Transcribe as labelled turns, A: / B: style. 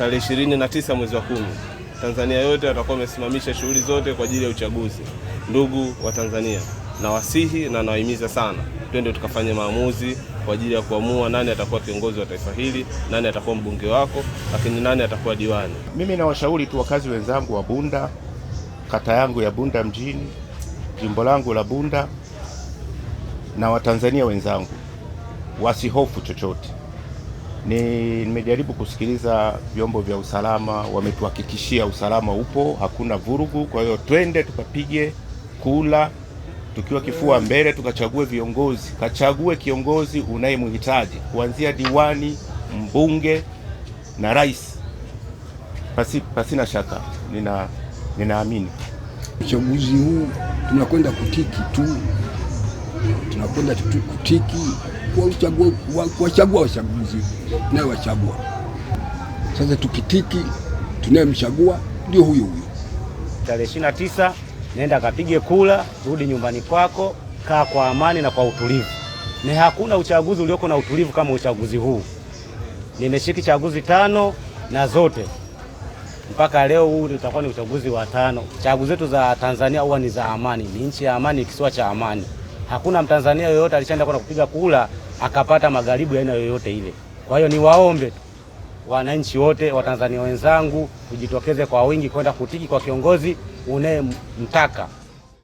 A: tarehe ishirini na tisa mwezi wa kumi Tanzania yote watakuwa wamesimamisha shughuli zote kwa ajili ya uchaguzi. Ndugu wa Tanzania, nawasihi na nawahimiza sana, twende tukafanye maamuzi kwa ajili ya kuamua nani atakuwa kiongozi wa taifa hili, nani atakuwa mbunge wako, lakini nani atakuwa diwani.
B: Mimi nawashauri tu wakazi wenzangu wa Bunda, kata yangu ya Bunda mjini, jimbo langu la Bunda, na Watanzania wenzangu wasihofu chochote ni nimejaribu kusikiliza vyombo vya usalama, wametuhakikishia usalama upo, hakuna vurugu. Kwa hiyo twende tukapige kula tukiwa kifua mbele, tukachague viongozi, kachague kiongozi unayemhitaji kuanzia diwani, mbunge na rais, pasi pasina shaka, nina ninaamini
C: uchaguzi huu tunakwenda kutiki tu tunakwenda kutiki kuwachagua wachaguzi wachagua Sasa tukitiki, tunayemchagua ndio huyo huyo.
D: Tarehe ishirini na tisa nenda kapige kula, rudi nyumbani kwako, kaa kwa amani na kwa utulivu. Ni hakuna uchaguzi ulioko na utulivu kama uchaguzi huu. Nimeshiriki chaguzi tano na zote mpaka leo huu utakuwa ni uchaguzi wa tano. Chaguzi zetu za Tanzania huwa ni za amani, ni nchi ya amani, kisiwa cha amani hakuna Mtanzania yoyote alishaenda kwenda kupiga kula akapata magharibu ya aina yoyote ile. Kwa hiyo niwaombe tu wananchi wote Watanzania wenzangu, tujitokeze kwa wingi kwenda kutiki kwa kiongozi unayemtaka.